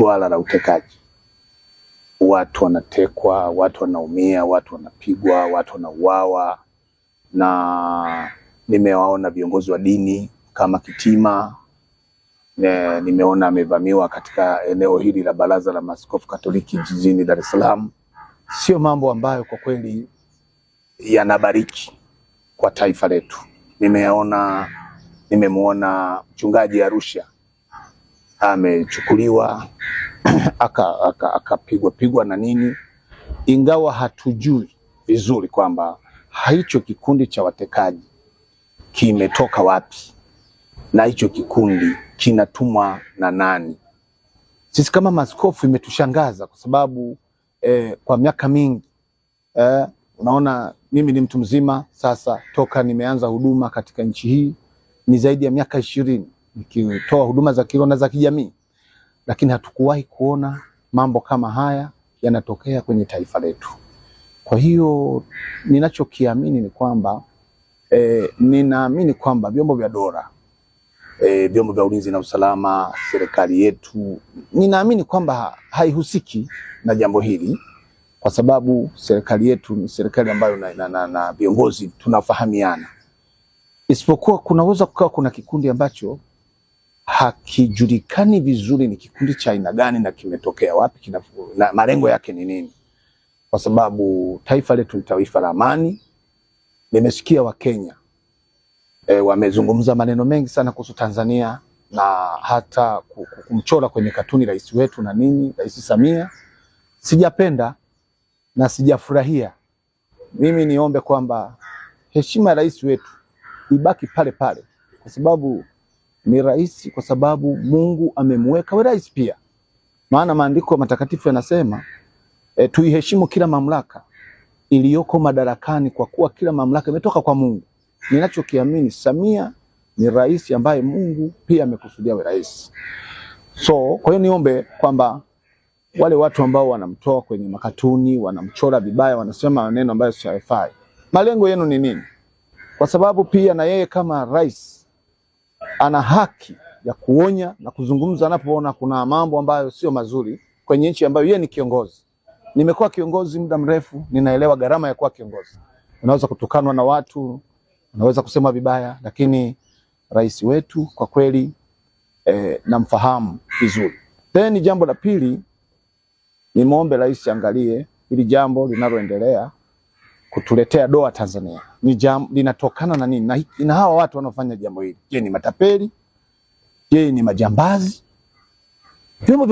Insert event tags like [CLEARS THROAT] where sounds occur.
swala la utekaji. Watu wanatekwa, watu wanaumia, watu wanapigwa, watu wanauawa, na nimewaona viongozi wa dini kama Kitima ne, nimeona amevamiwa katika eneo hili la Baraza la Maaskofu Katoliki jijini Dar es Salaam. Sio mambo ambayo kwa kweli yanabariki kwa taifa letu. Nimeona nimemwona mchungaji Arusha amechukuliwa akapigwa [CLEARS THROAT] aka, aka pigwa na nini, ingawa hatujui vizuri kwamba hicho kikundi cha watekaji kimetoka wapi na hicho kikundi kinatumwa na nani. Sisi kama maskofu imetushangaza kwa sababu eh, kwa miaka mingi eh, unaona mimi ni mtu mzima sasa, toka nimeanza huduma katika nchi hii ni zaidi ya miaka ishirini nikitoa huduma za kiroho na za kijamii, lakini hatukuwahi kuona mambo kama haya yanatokea kwenye taifa letu. Kwa hiyo ninachokiamini ni kwamba e, ninaamini kwamba vyombo vya dola e, vyombo vya ulinzi na usalama, serikali yetu, ninaamini kwamba haihusiki na jambo hili kwa sababu serikali yetu ni serikali ambayo na viongozi tunafahamiana, isipokuwa kunaweza kukawa kuna kikundi ambacho hakijulikani vizuri ni kikundi cha aina gani na kimetokea wapi kina, na malengo yake ni nini, kwa sababu taifa letu ni taifa la amani. Nimesikia Wakenya e, wamezungumza maneno mengi sana kuhusu Tanzania na hata kumchora kwenye katuni rais wetu na nini, Rais Samia. Sijapenda na sijafurahia. Mimi niombe kwamba heshima ya rais wetu ibaki pale pale, kwa sababu ni rais kwa sababu Mungu amemweka we rais pia, maana maandiko matakatifu yanasema e, tuiheshimu kila mamlaka iliyoko madarakani kwa kuwa kila mamlaka imetoka kwa Mungu. Ninachokiamini, Samia ni rais ambaye Mungu pia amekusudia we rais. So kwa hiyo niombe kwamba wale watu ambao wanamtoa kwenye makatuni, wanamchora vibaya, wanasema maneno ambayo si malengo yenu ni nini? Kwa sababu pia na yeye kama rais ana haki ya kuonya na kuzungumza anapoona kuna mambo ambayo sio mazuri kwenye nchi ambayo yeye ni kiongozi. Nimekuwa kiongozi muda mrefu, ninaelewa gharama ya kuwa kiongozi. Unaweza kutukanwa na watu, unaweza kusema vibaya, lakini rais wetu kwa kweli eh, namfahamu vizuri. Then jambo la pili, nimwombe rais angalie hili jambo linaloendelea kutuletea doa Tanzania ni jam, linatokana na nini? Na, na hawa watu wanaofanya jambo hili, je, ni matapeli? Je, ni majambazi? vyombo vya